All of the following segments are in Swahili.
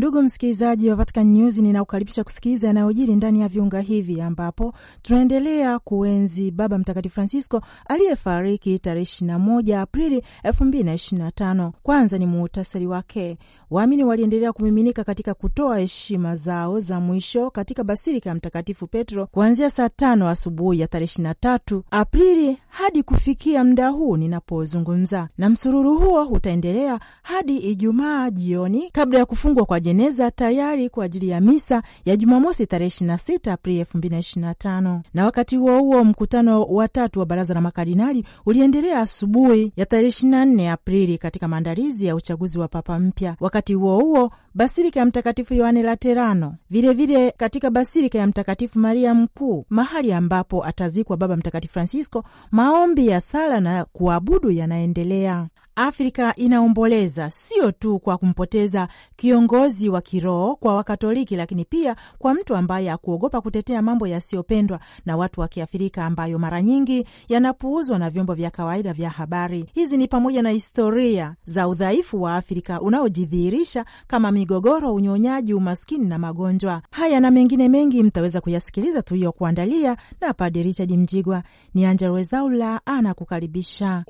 Ndugu msikilizaji wa Vatican News, ninakukaribisha kusikiliza yanayojiri ndani ya viunga hivi, ambapo tunaendelea kuenzi Baba Mtakatifu Francisco aliyefariki tarehe 21 Aprili 2025. Kwanza ni muhutasari wake. Waamini waliendelea kumiminika katika kutoa heshima zao za mwisho katika basilika ya Mtakatifu Petro kuanzia saa tano asubuhi ya tarehe 23 Aprili hadi kufikia muda huu ninapozungumza, na msururu huo utaendelea hadi Ijumaa jioni kabla ya kufungwa kwa jeneza tayari kwa ajili ya misa ya Jumamosi tarehe 26 Aprili 2025. Na wakati huo huo, mkutano wa tatu wa baraza la makardinali uliendelea asubuhi ya tarehe 24 Aprili katika maandalizi ya uchaguzi wa papa mpya. Wakati huo huo, basilika ya Mtakatifu Yohane Laterano, vilevile katika basilika ya Mtakatifu Maria Mkuu, mahali ambapo atazikwa Baba Mtakatifu Francisco, maombi ya sala na kuabudu yanaendelea. Afrika inaomboleza sio tu kwa kumpoteza kiongozi wa kiroho kwa Wakatoliki, lakini pia kwa mtu ambaye hakuogopa kutetea mambo yasiyopendwa na watu wa Kiafrika, ambayo mara nyingi yanapuuzwa na vyombo vya kawaida vya habari. Hizi ni pamoja na historia za udhaifu wa Afrika unaojidhihirisha kama migogoro, unyonyaji, umaskini na magonjwa. Haya na mengine mengi mtaweza kuyasikiliza tuliyokuandalia na Padre Richard Mjigwa. Ni Angella Rwezaula anakukaribisha.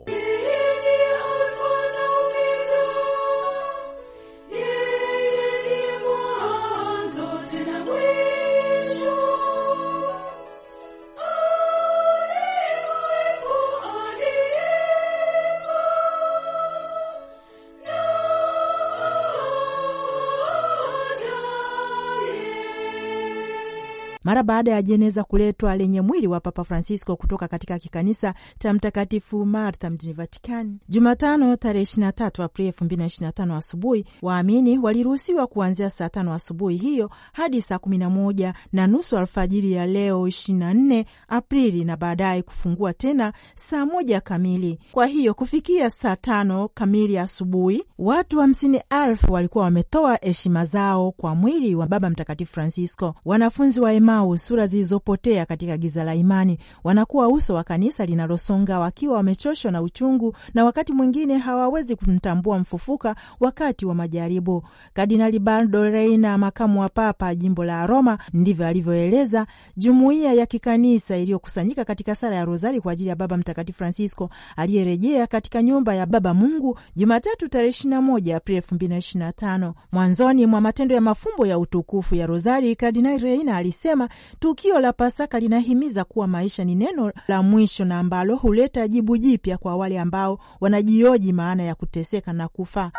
Mara baada ya jeneza kuletwa lenye mwili wa Papa Francisco kutoka katika kikanisa cha Mtakatifu Martha mjini Vatikani Jumatano tarehe 23 Aprili 2025 asubuhi, waamini waliruhusiwa kuanzia saa tano asubuhi hiyo hadi saa 11 na nusu alfajiri ya leo 24 Aprili na baadaye kufungua tena saa moja kamili. Kwa hiyo kufikia saa tano kamili asubuhi watu hamsini elfu walikuwa wametoa heshima zao kwa mwili wa Baba Mtakatifu Francisco. Wanafunzi wa Emau au sura zilizopotea katika giza la imani, wanakuwa uso wa kanisa linalosonga wakiwa wamechoshwa na uchungu, na wakati mwingine hawawezi kumtambua mfufuka wakati wa majaribu. Kardinali Bardo Reina, makamu wa papa jimbo la Roma, ndivyo alivyoeleza jumuiya ya kikanisa iliyokusanyika katika sala ya Rozari kwa ajili ya Baba Mtakatifu Francisco aliyerejea katika nyumba ya Baba Mungu Jumatatu tarehe 21 Aprili 2025. Mwanzoni mwa matendo ya mafumbo ya utukufu ya Rozari, Kardinali Reina alisema tukio la Pasaka linahimiza kuwa maisha ni neno la mwisho na ambalo huleta jibu jipya kwa wale ambao wanajioji maana ya kuteseka na kufa.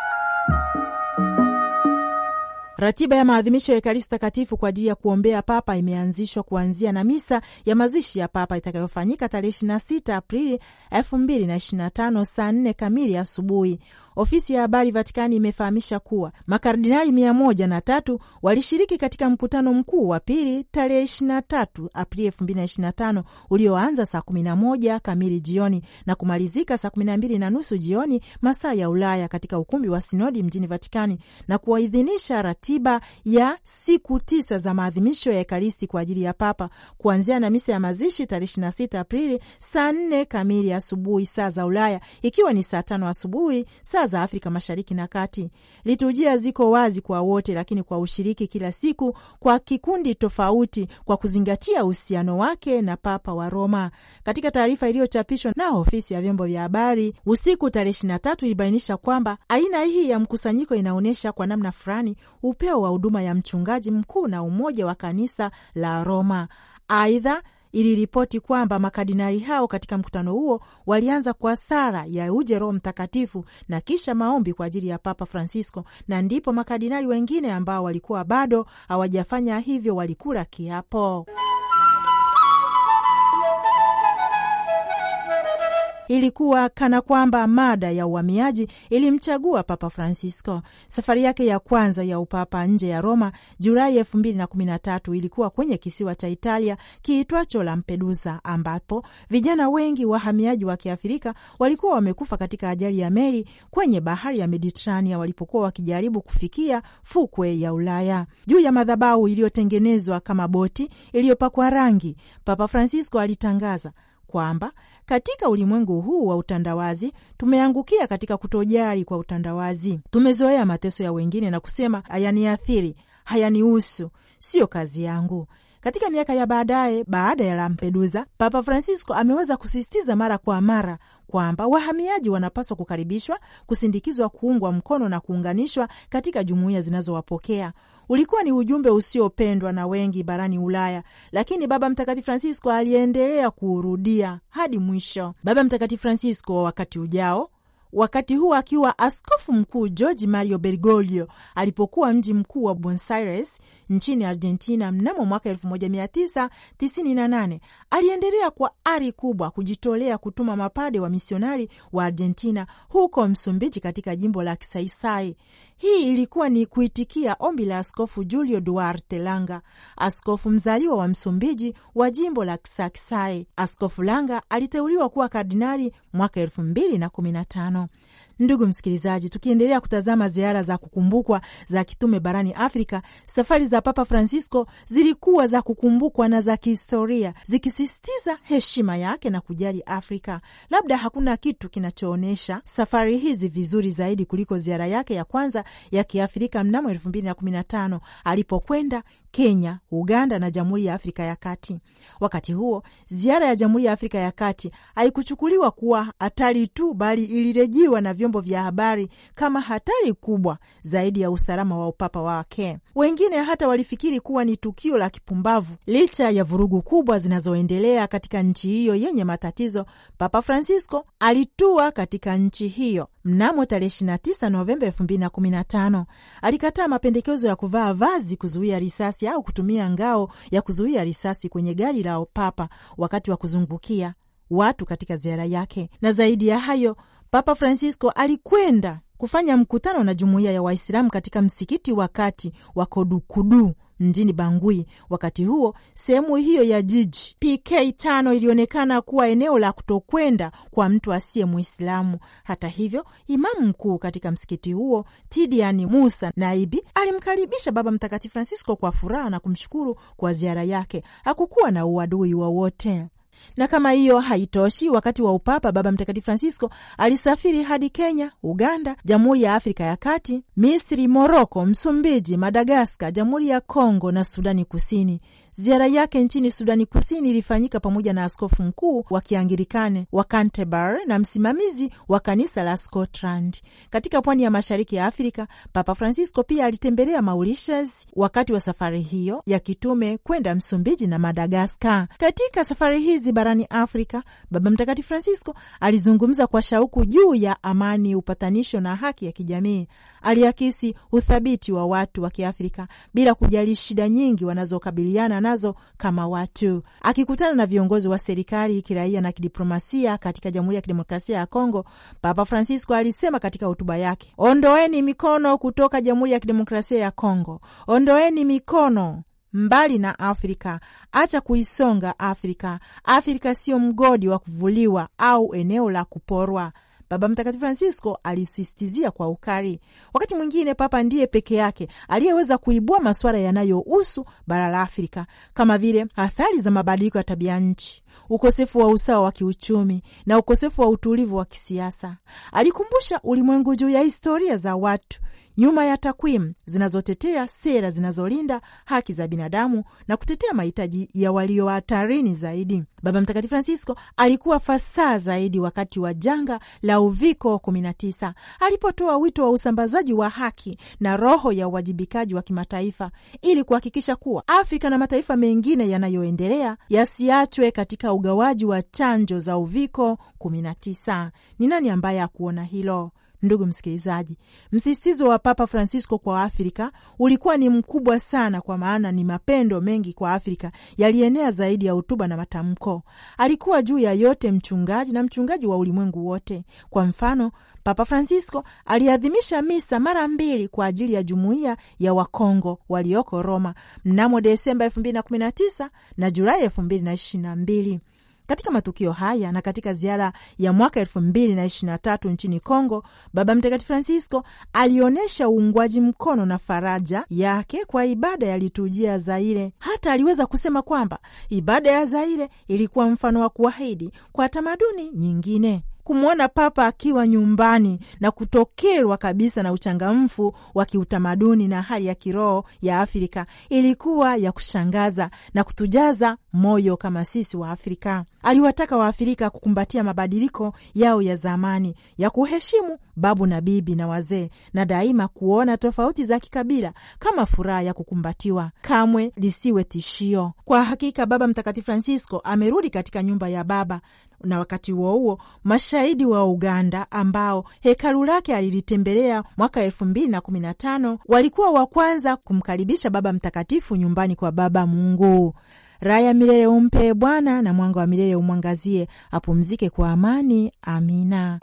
Ratiba ya maadhimisho ya Ekaristi Takatifu kwa ajili ya kuombea Papa imeanzishwa kuanzia na misa ya mazishi ya Papa itakayofanyika tarehe 26 Aprili 2025 saa 4 kamili asubuhi. Ofisi ya habari Vatikani imefahamisha kuwa makardinali mia moja na tatu walishiriki katika mkutano mkuu wa pili tarehe 23 Aprili 2025 ulioanza saa 11 kamili jioni na kumalizika saa 12 na nusu jioni masaa ya Ulaya katika ukumbi wa sinodi mjini Vatikani na kuwaidhinisha ratiba ya siku tisa za maadhimisho ya Ekaristi kwa ajili ya Papa kuanzia na misa ya mazishi tarehe 26 Aprili saa 4 kamili asubuhi saa za Ulaya, ikiwa ni saa tano asubuhi saa bidhaa za Afrika Mashariki na Kati. Liturujia ziko wazi kwa wote, lakini kwa ushiriki kila siku kwa kikundi tofauti, kwa kuzingatia uhusiano wake na Papa wa Roma. Katika taarifa iliyochapishwa na ofisi ya vyombo vya habari usiku tarehe 23 ilibainisha kwamba aina hii ya mkusanyiko inaonyesha kwa namna fulani upeo wa huduma ya mchungaji mkuu na umoja wa kanisa la Roma. Aidha, iliripoti kwamba makardinali hao katika mkutano huo walianza kwa sara ya uje Roho Mtakatifu na kisha maombi kwa ajili ya Papa Francisco, na ndipo makardinali wengine ambao walikuwa bado hawajafanya hivyo walikula kiapo. ilikuwa kana kwamba mada ya uhamiaji ilimchagua Papa Francisco. Safari yake ya kwanza ya upapa nje ya Roma Julai elfu mbili na kumi na tatu ilikuwa kwenye kisiwa cha Italia kiitwacho Lampedusa, ambapo vijana wengi wahamiaji wa Kiafrika walikuwa wamekufa katika ajali ya meli kwenye bahari ya Mediterania walipokuwa wakijaribu kufikia fukwe ya Ulaya. Juu ya madhabahu iliyotengenezwa kama boti iliyopakwa rangi, Papa Francisco alitangaza kwamba katika ulimwengu huu wa utandawazi tumeangukia katika kutojali kwa utandawazi. Tumezoea mateso ya wengine na kusema hayaniathiri, hayanihusu, siyo kazi yangu. Katika miaka ya baadaye, baada ya Lampedusa, Papa Francisco ameweza kusisitiza mara kwa mara kwamba wahamiaji wanapaswa kukaribishwa, kusindikizwa, kuungwa mkono na kuunganishwa katika jumuiya zinazowapokea Ulikuwa ni ujumbe usiopendwa na wengi barani Ulaya, lakini Baba Mtakatifu Francisco aliendelea kuurudia hadi mwisho. Baba Mtakatifu Francisco wa wakati ujao wakati huu akiwa askofu mkuu George Mario Bergoglio alipokuwa mji mkuu wa Buenos Aires nchini Argentina mnamo mwaka 1998 aliendelea kwa ari kubwa kujitolea kutuma mapade wa misionari wa Argentina huko Msumbiji, katika jimbo la Kisaisai. Hii ilikuwa ni kuitikia ombi la Askofu Julio Duarte Langa, askofu mzaliwa wa Msumbiji wa jimbo la Kisakisai. Askofu Langa aliteuliwa kuwa kardinali mwaka elfu mbili na kumi na tano. Ndugu msikilizaji, tukiendelea kutazama ziara za kukumbukwa za kitume barani Afrika, safari za Papa Francisco zilikuwa za kukumbukwa na za kihistoria, zikisisitiza heshima yake na kujali Afrika. Labda hakuna kitu kinachoonyesha safari hizi vizuri zaidi kuliko ziara yake ya kwanza ya kiafrika mnamo elfu na kumi na tano alipokwenda Kenya, Uganda na Jamhuri ya Afrika ya Kati. Wakati huo, ziara ya Jamhuri ya Afrika ya Kati haikuchukuliwa kuwa hatari tu, bali ilirejiwa na vyombo vya habari kama hatari kubwa zaidi ya usalama wa upapa wake. Wengine hata walifikiri kuwa ni tukio la kipumbavu. Licha ya vurugu kubwa zinazoendelea katika nchi hiyo yenye matatizo, Papa Francisco alitua katika nchi hiyo Mnamo tarehe 29 Novemba 2015 alikataa mapendekezo ya kuvaa vazi kuzuia risasi au kutumia ngao ya kuzuia risasi kwenye gari la Papa wakati wa kuzungukia watu katika ziara yake, na zaidi ya hayo, Papa Francisco alikwenda kufanya mkutano na jumuiya ya Waislamu katika msikiti wakati wa Kodukudu mjini Bangui. Wakati huo sehemu hiyo ya jiji PK tano ilionekana kuwa eneo la kutokwenda kwa mtu asiye Muislamu. Hata hivyo, imamu mkuu katika msikiti huo Tidiani Musa Naibi alimkaribisha Baba Mtakatifu Francisco kwa furaha na kumshukuru kwa ziara yake. Hakukuwa na uadui wowote. Na kama hiyo haitoshi, wakati wa upapa Baba Mtakatifu Francisco alisafiri hadi Kenya, Uganda, Jamhuri ya Afrika ya Kati, Misri, Moroko, Msumbiji, Madagaskar, Jamhuri ya Kongo na Sudani Kusini. Ziara yake nchini Sudani Kusini ilifanyika pamoja na askofu mkuu wa Kiangirikane wa Canterbury na msimamizi wa kanisa la Scotland. Katika pwani ya mashariki ya Afrika, Papa Francisco pia alitembelea Mauritius wakati wa safari hiyo ya kitume kwenda Msumbiji na Madagaskar. Katika safari hizi barani Afrika, Baba Mtakatifu Francisco alizungumza kwa shauku juu ya amani, upatanisho na haki ya kijamii. Aliakisi uthabiti wa watu wa Kiafrika bila kujali shida nyingi wanazokabiliana nazo kama watu. Akikutana na viongozi wa serikali kiraia na kidiplomasia katika Jamhuri ya Kidemokrasia ya Kongo, Papa Francisco alisema katika hotuba yake, ondoeni mikono kutoka Jamhuri ya Kidemokrasia ya Kongo, ondoeni mikono mbali na Afrika. Acha kuisonga Afrika. Afrika siyo mgodi wa kuvuliwa au eneo la kuporwa. Baba Mtakatifu Francisco alisisitizia kwa ukali, wakati mwingine Papa ndiye peke yake aliyeweza kuibua masuala yanayohusu bara la Afrika kama vile athari za mabadiliko ya tabia nchi, ukosefu wa usawa wa kiuchumi na ukosefu wa utulivu wa kisiasa. Alikumbusha ulimwengu juu ya historia za watu nyuma ya takwimu zinazotetea sera zinazolinda haki za binadamu na kutetea mahitaji ya walio hatarini zaidi. Baba Mtakatifu Francisco alikuwa fasaha zaidi wakati wa janga la Uviko 19 alipotoa wito wa usambazaji wa haki na roho ya uwajibikaji wa kimataifa ili kuhakikisha kuwa Afrika na mataifa mengine yanayoendelea yasiachwe katika ugawaji wa chanjo za Uviko 19. Ni nani ambaye hakuona hilo? Ndugu msikilizaji, msisitizo wa Papa Francisco kwa Afrika ulikuwa ni mkubwa sana, kwa maana ni mapendo mengi kwa Afrika yalienea zaidi ya hotuba na matamko. Alikuwa juu ya yote mchungaji na mchungaji wa ulimwengu wote. Kwa mfano, Papa Francisco aliadhimisha misa mara mbili kwa ajili ya jumuiya ya Wakongo walioko Roma mnamo Desemba 2019 na Julai 2022. Katika matukio haya na katika ziara ya mwaka elfu mbili na ishirini na tatu nchini Kongo, Baba Mtakatifu Francisco alionyesha uungwaji mkono na faraja yake kwa ibada ya liturujia ya Zaire. Hata aliweza kusema kwamba ibada ya Zaire ilikuwa mfano wa kuahidi kwa tamaduni nyingine kumwona Papa akiwa nyumbani na kutokerwa kabisa na uchangamfu wa kiutamaduni na hali ya kiroho ya Afrika ilikuwa ya kushangaza na kutujaza moyo kama sisi wa Afrika. Aliwataka Waafrika kukumbatia mabadiliko yao ya zamani ya kuheshimu babu na bibi na wazee, na daima kuona tofauti za kikabila kama furaha ya kukumbatiwa, kamwe lisiwe tishio. Kwa hakika, Baba Mtakatifu Francisco amerudi katika nyumba ya Baba na wakati huo huo mashahidi wa Uganda ambao hekalu lake alilitembelea mwaka elfu mbili na kumi na tano walikuwa wa kwanza kumkaribisha Baba Mtakatifu nyumbani kwa Baba Mungu. Raha ya milele umpe Bwana, na mwanga wa milele umwangazie. Apumzike kwa amani. Amina.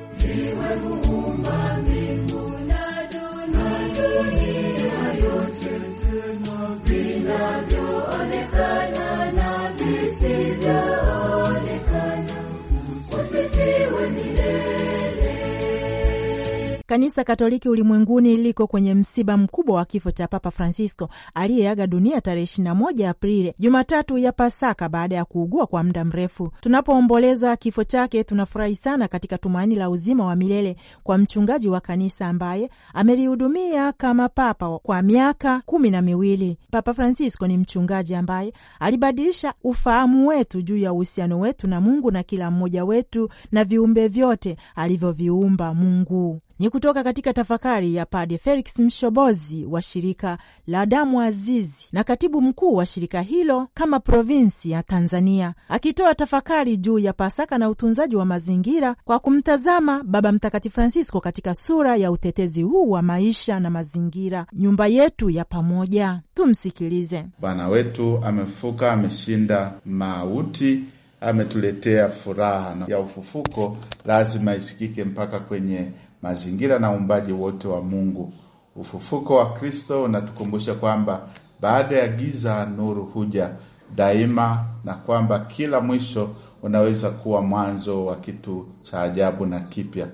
Kanisa Katoliki ulimwenguni liko kwenye msiba mkubwa wa kifo cha Papa Francisco aliyeaga dunia tarehe 21 Aprili, Jumatatu ya Pasaka, baada ya kuugua kwa muda mrefu. Tunapoomboleza kifo chake, tunafurahi sana katika tumaini la uzima wa milele kwa mchungaji wa kanisa ambaye amelihudumia kama papa kwa miaka kumi na miwili. Papa Francisco ni mchungaji ambaye alibadilisha ufahamu wetu juu ya uhusiano wetu na Mungu na kila mmoja wetu na viumbe vyote alivyoviumba Mungu ni kutoka katika tafakari ya Padre Felix Mshobozi wa shirika la damu azizi na katibu mkuu wa shirika hilo kama provinsi ya Tanzania, akitoa tafakari juu ya Pasaka na utunzaji wa mazingira kwa kumtazama Baba Mtakatifu Francisco katika sura ya utetezi huu wa maisha na mazingira, nyumba yetu ya pamoja. Tumsikilize. Bwana wetu amefuka, ameshinda mauti ametuletea furaha ya ufufuko, lazima isikike mpaka kwenye mazingira na uumbaji wote wa Mungu. Ufufuko wa Kristo unatukumbusha kwamba baada ya giza nuru huja daima, na kwamba kila mwisho unaweza kuwa mwanzo wa kitu cha ajabu na kipya.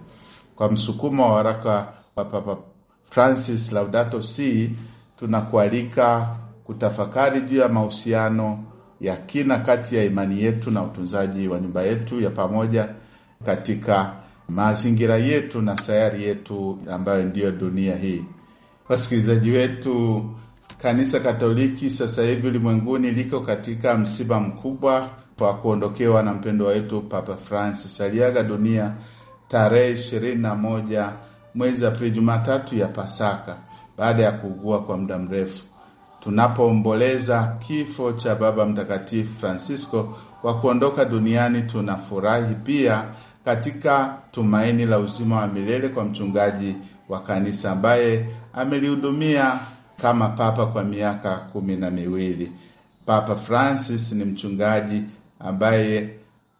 Kwa msukumo wa waraka wa Papa Francis Laudato Si, tunakualika kutafakari juu ya mahusiano ya kina kati ya imani yetu na utunzaji wa nyumba yetu ya pamoja katika mazingira yetu na sayari yetu ambayo ndiyo dunia hii. Wasikilizaji wetu, Kanisa Katoliki sasa hivi ulimwenguni liko katika msiba mkubwa kwa kuondokewa na mpendwa wetu Papa Francis. Aliaga dunia tarehe ishirini na moja mwezi Aprili, Jumatatu ya Pasaka, baada ya kuugua kwa muda mrefu. Tunapoomboleza kifo cha Baba Mtakatifu Francisco wa kuondoka duniani, tunafurahi pia katika tumaini la uzima wa milele kwa mchungaji wa kanisa ambaye amelihudumia kama papa kwa miaka kumi na miwili. Papa Francis ni mchungaji ambaye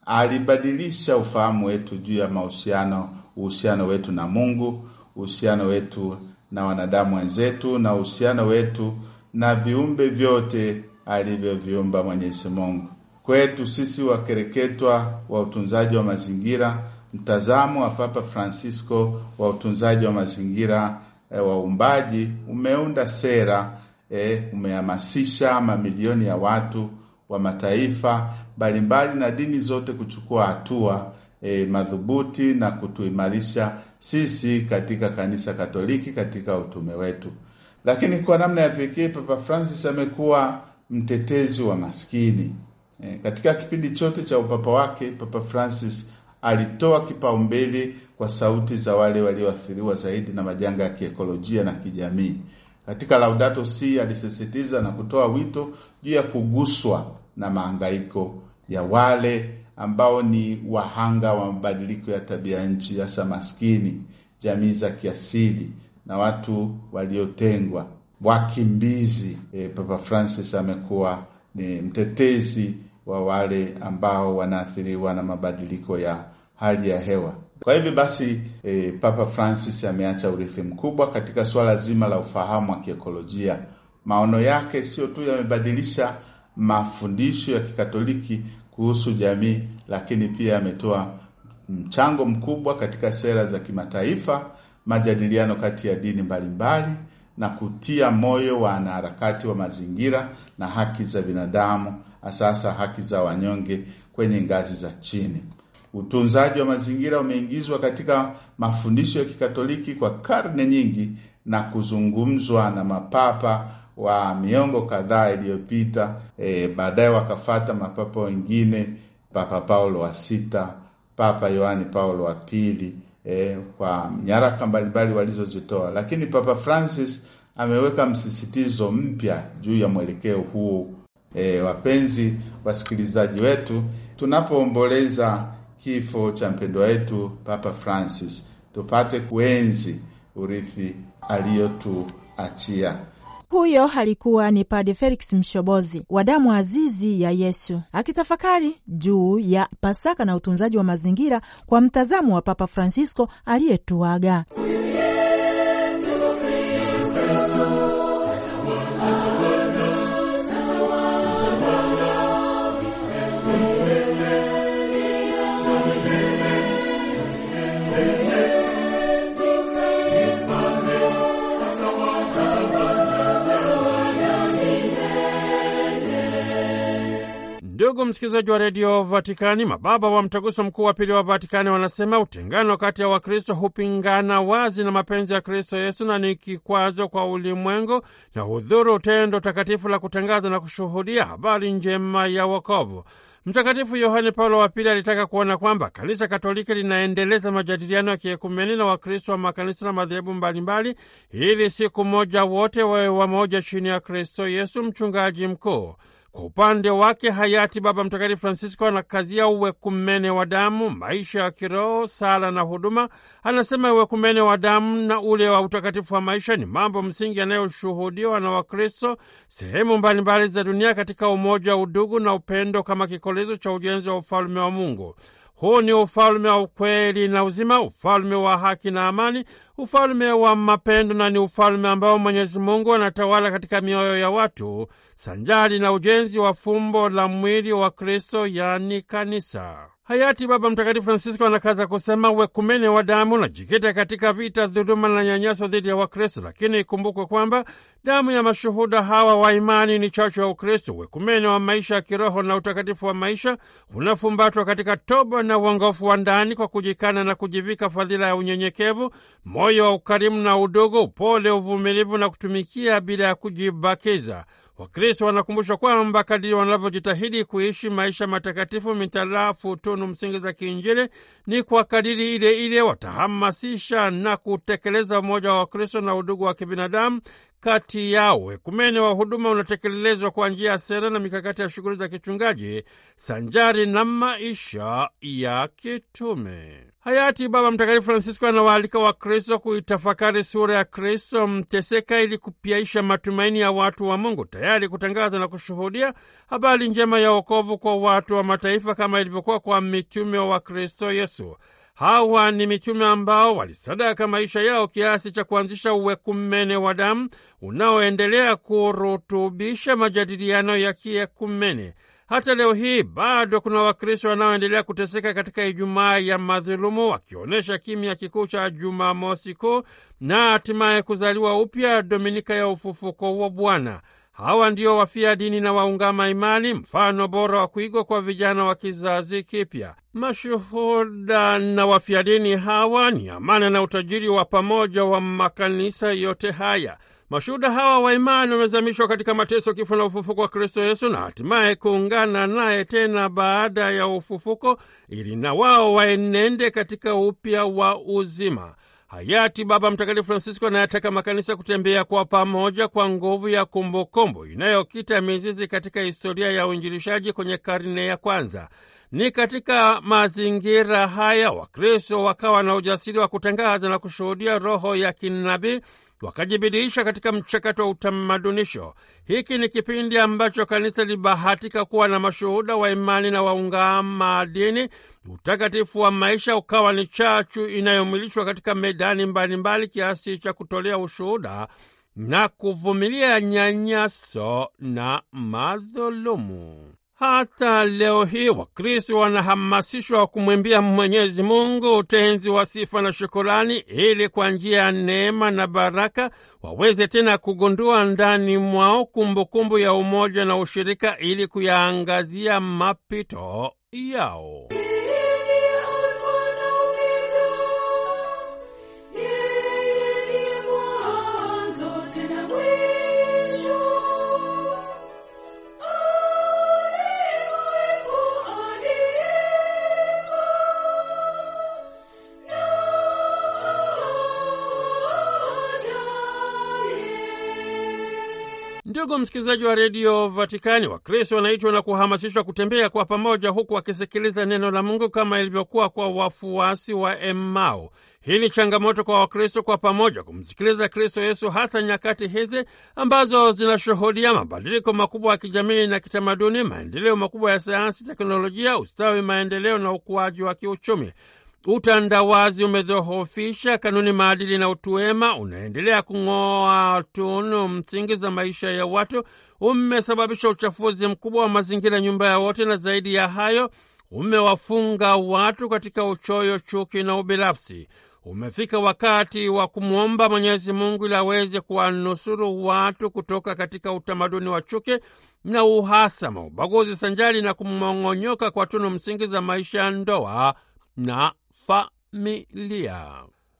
alibadilisha ufahamu wetu juu ya mahusiano, uhusiano wetu na Mungu, uhusiano wetu na wanadamu wenzetu, na uhusiano wetu na viumbe vyote alivyoviumba Mwenyezi Mungu. Kwetu sisi wakereketwa wa utunzaji wa mazingira, mtazamo wa Papa Francisco wa utunzaji wa mazingira e, wa uumbaji umeunda sera e, umehamasisha mamilioni ya watu wa mataifa mbalimbali na dini zote kuchukua hatua e, madhubuti na kutuimarisha sisi katika kanisa Katoliki katika utume wetu. Lakini kwa namna ya pekee Papa Francis amekuwa mtetezi wa maskini. E, katika kipindi chote cha upapa wake Papa Francis alitoa kipaumbele kwa sauti za wale walioathiriwa zaidi na majanga ya kiekolojia na kijamii. Katika Laudato Si alisisitiza na kutoa wito juu ya kuguswa na maangaiko ya wale ambao ni wahanga wa mabadiliko ya tabia nchi, hasa maskini, jamii za kiasili na watu waliotengwa, wakimbizi. E, Papa Francis amekuwa ni eh, mtetezi wa wale ambao wanaathiriwa na mabadiliko ya hali ya hewa. Kwa hivyo basi e, Papa Francis ameacha urithi mkubwa katika suala zima la ufahamu wa kiekolojia. Maono yake sio tu yamebadilisha mafundisho ya Kikatoliki kuhusu jamii, lakini pia ametoa mchango mkubwa katika sera za kimataifa, majadiliano kati ya dini mbalimbali mbali, na kutia moyo wanaharakati wa mazingira na haki za binadamu hasahasa haki za wanyonge kwenye ngazi za chini. Utunzaji wa mazingira umeingizwa katika mafundisho ya Kikatoliki kwa karne nyingi na kuzungumzwa na mapapa wa miongo kadhaa iliyopita. E, baadaye wakafata mapapa wengine, Papa Paulo wa sita, Papa Yohani Paulo wa pili, e, kwa nyaraka mbalimbali walizozitoa, lakini Papa Francis ameweka msisitizo mpya juu ya mwelekeo huo e, wapenzi wasikilizaji wetu, tunapoomboleza kifo cha mpendwa wetu Papa Francis, tupate kuenzi urithi aliyotuachia. Huyo alikuwa ni Padre Felix Mshobozi wa Damu Azizi ya Yesu akitafakari juu ya Pasaka na utunzaji wa mazingira kwa mtazamo wa Papa Francisco aliyetuaga. Ndugu msikilizaji wa redio Vatikani, mababa wa mtaguso mkuu wa pili wa Vatikani wanasema utengano kati ya Wakristo hupingana wazi na mapenzi ya Kristo Yesu na ni kikwazo kwa ulimwengu na hudhuru tendo takatifu la kutangaza na kushuhudia habari njema ya wokovu. Mtakatifu Yohane Paulo wa Pili alitaka kuona kwamba kanisa Katoliki linaendeleza majadiliano ya kiekumeni na Wakristo wa makanisa na madhehebu mbalimbali, ili siku moja wote wawe wamoja chini ya Kristo Yesu mchungaji mkuu. Kwa upande wake hayati Baba Mtakatifu Francisco anakazia uwekumene wa damu, maisha ya kiroho, sala na huduma. Anasema uwekumene wa damu na ule wa utakatifu wa maisha ni mambo msingi yanayoshuhudiwa na Wakristo sehemu mbalimbali za dunia katika umoja wa udugu na upendo kama kikolezo cha ujenzi wa ufalume wa Mungu. Huu ni ufalume wa ukweli na uzima, ufalume wa haki na amani, ufalume wa mapendo, na ni ufalume ambao Mwenyezi Mungu anatawala katika mioyo ya watu sanjari na ujenzi wa fumbo la mwili wa Kristo, yaani kanisa. Hayati Baba Mtakatifu Francisco anakaza kusema wekumene wa damu unajikita katika vita, dhuluma na nyanyaso dhidi ya Wakristo, lakini ikumbukwe kwamba damu ya mashuhuda hawa wa imani ni chachu ya Ukristo. Wekumene wa maisha ya kiroho na utakatifu wa maisha unafumbatwa katika toba na uongofu wa ndani kwa kujikana na kujivika fadhila ya unyenyekevu, moyo wa ukarimu na udogo, upole, uvumilivu na kutumikia bila ya kujibakiza. Wakristo wanakumbushwa kwamba kadiri wanavyojitahidi kuishi maisha matakatifu mitarafu tunu msingi za kiinjili, ni kwa kadiri ile ile watahamasisha na kutekeleza umoja wa Wakristo na udugu wa kibinadamu kati yao. Ekumene wa huduma unatekelezwa kwa njia ya sera na mikakati ya shughuli za kichungaji sanjari na maisha ya kitume. Hayati Baba Mtakatifu Francisco anawaalika Wakristo kuitafakari sura ya Kristo mteseka ili kupiaisha matumaini ya watu wa Mungu, tayari kutangaza na kushuhudia habari njema ya wokovu kwa watu wa mataifa kama ilivyokuwa kwa mitume wa Kristo Yesu. Hawa ni mitume ambao walisadaka maisha yao kiasi cha kuanzisha uwekumene wa damu unaoendelea kurutubisha majadiliano ya kiekumene. Hata leo hii bado kuna Wakristo wanaoendelea kuteseka katika Ijumaa ya madhulumu, wakionyesha kimya kikuu cha Jumamosi Kuu na hatimaye kuzaliwa upya Dominika ya ufufuko wa Bwana. Hawa ndio wafia dini na waungama imani, mfano bora wa kuigwa kwa vijana wa kizazi kipya. Mashuhuda na wafia dini hawa ni amana na utajiri wa pamoja wa makanisa yote haya. Mashuhuda hawa wa imani wamezamishwa katika mateso, kifo na ufufuko wa Kristo Yesu na hatimaye kuungana naye tena baada ya ufufuko, ili na wao waenende katika upya wa uzima. Hayati Baba Mtakatifu Francisco anayataka makanisa kutembea kwa pamoja kwa nguvu ya kumbukumbu inayokita mizizi katika historia ya uinjilishaji kwenye karne ya kwanza. Ni katika mazingira haya Wakristo wakawa na ujasiri wa kutangaza na kushuhudia roho ya kinabii wakajibidiisha katika mchakato wa utamadunisho. Hiki ni kipindi ambacho kanisa libahatika kuwa na mashuhuda wa imani na waungama dini. Utakatifu wa maisha ukawa ni chachu inayomwilishwa katika medani mbalimbali mbali, kiasi cha kutolea ushuhuda na kuvumilia nyanyaso na madhulumu. Hata leo hii Wakristo wanahamasishwa kumwimbia Mwenyezi Mungu utenzi wa sifa na shukurani, ili kwa njia ya neema na baraka waweze tena kugundua ndani mwao kumbukumbu kumbu ya umoja na ushirika, ili kuyaangazia mapito yao. Ndugu msikilizaji wa redio Vatikani, Wakristo wanaitwa na kuhamasishwa kutembea kwa pamoja, huku wakisikiliza neno la Mungu kama ilivyokuwa kwa wafuasi wa Emmao. Hii ni changamoto kwa Wakristo kwa pamoja kumsikiliza Kristo Yesu, hasa nyakati hizi ambazo zinashuhudia mabadiliko makubwa ya kijamii na kitamaduni, maendeleo makubwa ya sayansi, teknolojia, ustawi, maendeleo na ukuaji wa kiuchumi. Utandawazi umedhoofisha kanuni, maadili na utuema unaendelea kung'oa tunu msingi za maisha ya watu, umesababisha uchafuzi mkubwa wa mazingira, nyumba ya wote, na zaidi ya hayo umewafunga watu katika uchoyo, chuki na ubinafsi. Umefika wakati wa kumwomba Mwenyezi Mungu ili aweze kuwanusuru watu kutoka katika utamaduni wa chuki na uhasama, ubaguzi, sanjali na kumong'onyoka kwa tunu msingi za maisha ya ndoa na familia.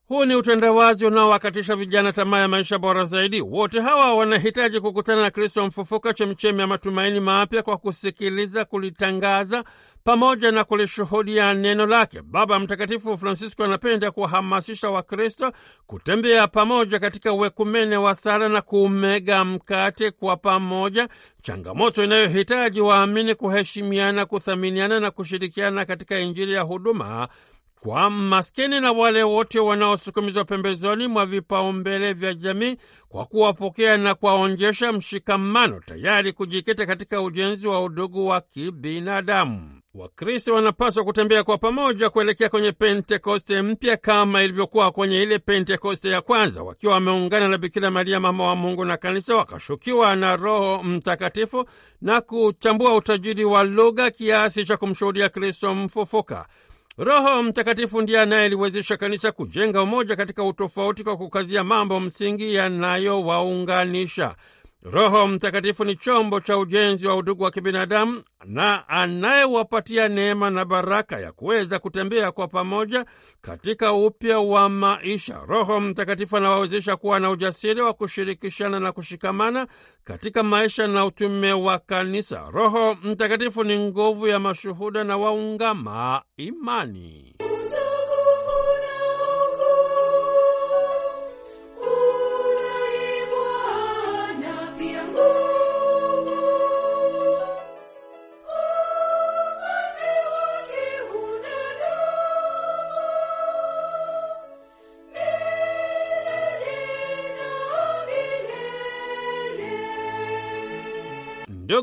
Huu ni utendawazi unaowakatisha vijana tamaa ya maisha bora zaidi. Wote hawa wanahitaji kukutana na Kristo mfufuka, chemchemi ya matumaini mapya, kwa kusikiliza, kulitangaza pamoja na kulishuhudia neno lake. Baba Mtakatifu Francisco anapenda kuwahamasisha Wakristo kutembea pamoja katika uwekumene wa sala na kumega mkate kwa pamoja, changamoto inayohitaji waamini kuheshimiana, kuthaminiana na kushirikiana katika Injili ya huduma kwa maskini na wale wote wanaosukumizwa pembezoni mwa vipaumbele vya jamii kwa kuwapokea na kuwaonjesha mshikamano, tayari kujikita katika ujenzi wa udugu wa kibinadamu. Wakristo wanapaswa kutembea kwa pamoja kuelekea kwenye Pentekoste mpya kama ilivyokuwa kwenye ile Pentekoste ya kwanza, wakiwa wameungana na Bikira Maria mama wa Mungu na Kanisa, wakashukiwa na Roho Mtakatifu na kuchambua utajiri wa lugha kiasi cha kumshuhudia Kristo mfufuka. Roho Mtakatifu ndiye anayeliwezesha kanisa kujenga umoja katika utofauti kwa kukazia mambo msingi yanayowaunganisha. Roho Mtakatifu ni chombo cha ujenzi wa udugu wa kibinadamu na anayewapatia neema na baraka ya kuweza kutembea kwa pamoja katika upya wa maisha. Roho Mtakatifu anawawezesha kuwa na ujasiri wa kushirikishana na kushikamana katika maisha na utume wa Kanisa. Roho Mtakatifu ni nguvu ya mashuhuda na waungama imani.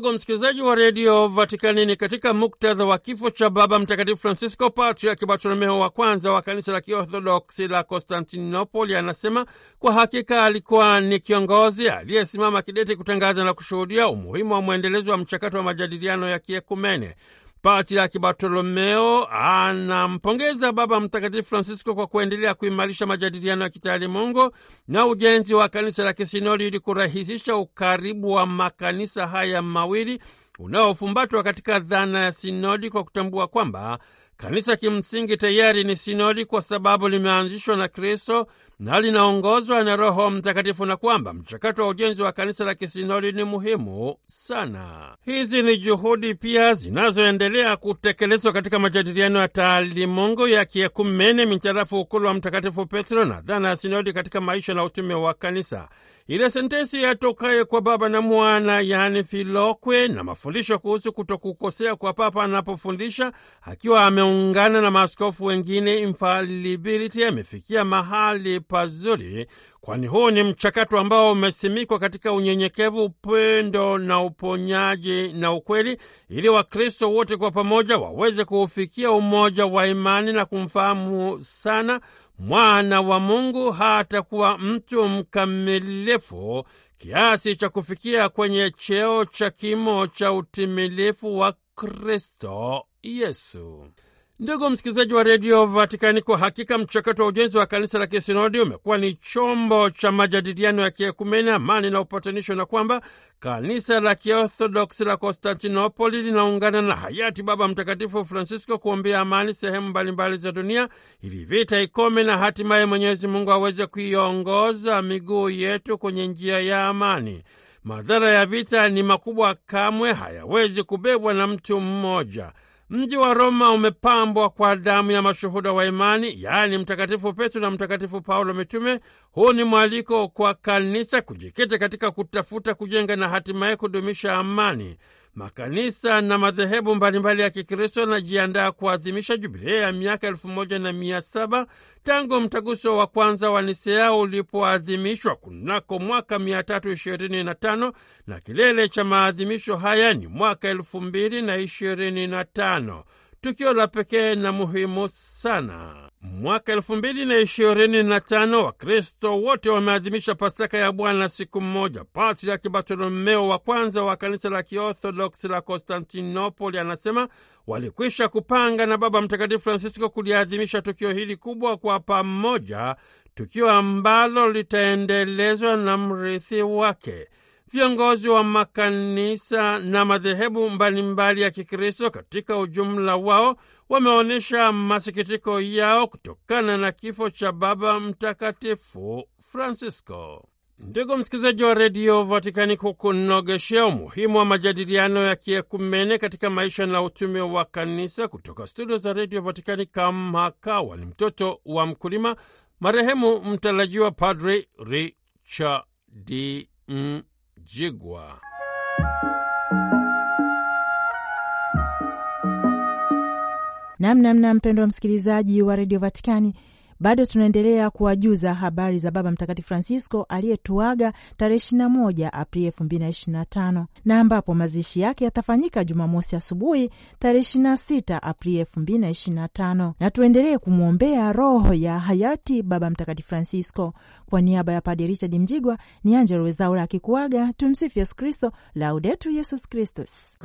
ndogo msikilizaji wa redio Vatikani ni katika muktadha wa kifo cha Baba Mtakatifu Francisco, Patriarki Bartolomeo wa kwanza wa kanisa la Kiorthodoksi la Konstantinopoli. Anasema kwa hakika alikuwa ni kiongozi aliyesimama kidete kutangaza na kushuhudia umuhimu wa mwendelezo wa mchakato wa majadiliano ya kiekumene. Patriaki Bartolomeo anampongeza Baba Mtakatifu Francisco kwa kuendelea kuimarisha majadiliano ya kitaalimungu na ujenzi wa kanisa la kisinodi ili kurahisisha ukaribu wa makanisa haya mawili unaofumbatwa katika dhana ya sinodi kwa kutambua kwamba kanisa kimsingi tayari ni sinodi kwa sababu limeanzishwa na Kristo na linaongozwa na Roho Mtakatifu na kwamba mchakato wa ujenzi wa kanisa la kisinodi ni muhimu sana. Hizi ni juhudi pia zinazoendelea kutekelezwa katika majadiliano ya taalimungu ya kiekumene mintarafu ukulu wa Mtakatifu Petro na dhana ya sinodi katika maisha na utume wa kanisa ile sentensi yatokaye kwa Baba na Mwana yaani Filokwe, na mafundisho kuhusu kutokukosea kwa Papa anapofundisha akiwa ameungana na maaskofu wengine infallibility, amefikia mahali pazuri, kwani huu ni mchakato ambao umesimikwa katika unyenyekevu, upendo na uponyaji na ukweli, ili Wakristo wote kwa pamoja waweze kuufikia umoja wa imani na kumfahamu sana mwana wa Mungu hatakuwa mtu mkamilifu kiasi cha kufikia kwenye cheo cha kimo cha utimilifu wa Kristo Yesu. Ndugu msikilizaji wa redio Vatikani, kwa hakika mchakato wa ujenzi wa kanisa la kisinodi umekuwa ni chombo cha majadiliano ya kiekumeni, amani na upatanisho, na kwamba kanisa la kiorthodoksi la Konstantinopoli linaungana na hayati Baba Mtakatifu Francisco kuombea amani sehemu mbalimbali za dunia ili vita ikome na hatimaye Mwenyezi Mungu aweze kuiongoza miguu yetu kwenye njia ya amani. Madhara ya vita ni makubwa, kamwe hayawezi kubebwa na mtu mmoja. Mji wa Roma umepambwa kwa damu ya mashuhuda wa imani, yaani Mtakatifu Petro na Mtakatifu Paulo mitume. Huu ni mwaliko kwa kanisa kujikita katika kutafuta, kujenga na hatimaye kudumisha amani makanisa na madhehebu mbalimbali ya Kikristo yanajiandaa kuadhimisha jubilei ya miaka elfu moja na mia saba tangu mtaguso wa kwanza wa Nisea ulipoadhimishwa kunako mwaka 325 na kilele cha maadhimisho haya ni mwaka tano, Tukio la pekee na muhimu sana Mwaka elfu mbili na ishirini na tano Wakristo wote wameadhimisha Pasaka ya Bwana siku mmoja. Patriaki Bartolomeo wa kwanza wa kanisa la Kiorthodoksi la Konstantinopoli anasema walikwisha kupanga na Baba Mtakatifu Francisco kuliadhimisha tukio hili kubwa kwa pamoja, tukio ambalo litaendelezwa na mrithi wake viongozi wa makanisa na madhehebu mbalimbali ya Kikristo katika ujumla wao wameonyesha masikitiko yao kutokana na kifo cha Baba Mtakatifu Francisco. Ndugu msikilizaji wa redio Vatikani, kukunogeshea umuhimu wa majadiliano ya kiekumene katika maisha na utume wa kanisa, kutoka studio za redio Vatikani kamakawa ni mtoto wa mkulima, marehemu mtarajiwa Padre Richard D. Jigwa. Namnamna mpendo wa msikilizaji wa redio Vatikani, bado tunaendelea kuwajuza habari za Baba Mtakatifu Francisco aliyetuaga tarehe 21 Aprili 2025 na ambapo mazishi yake yatafanyika Jumamosi asubuhi tarehe 26 Aprili 2025, na tuendelee kumwombea roho ya hayati Baba Mtakatifu Francisco. Kwa niaba ya Padre Richard Mjigwa ni Angelo Wezaura akikuaga. Tumsifu Yesu Kristo, Laudetu Yesus Kristus.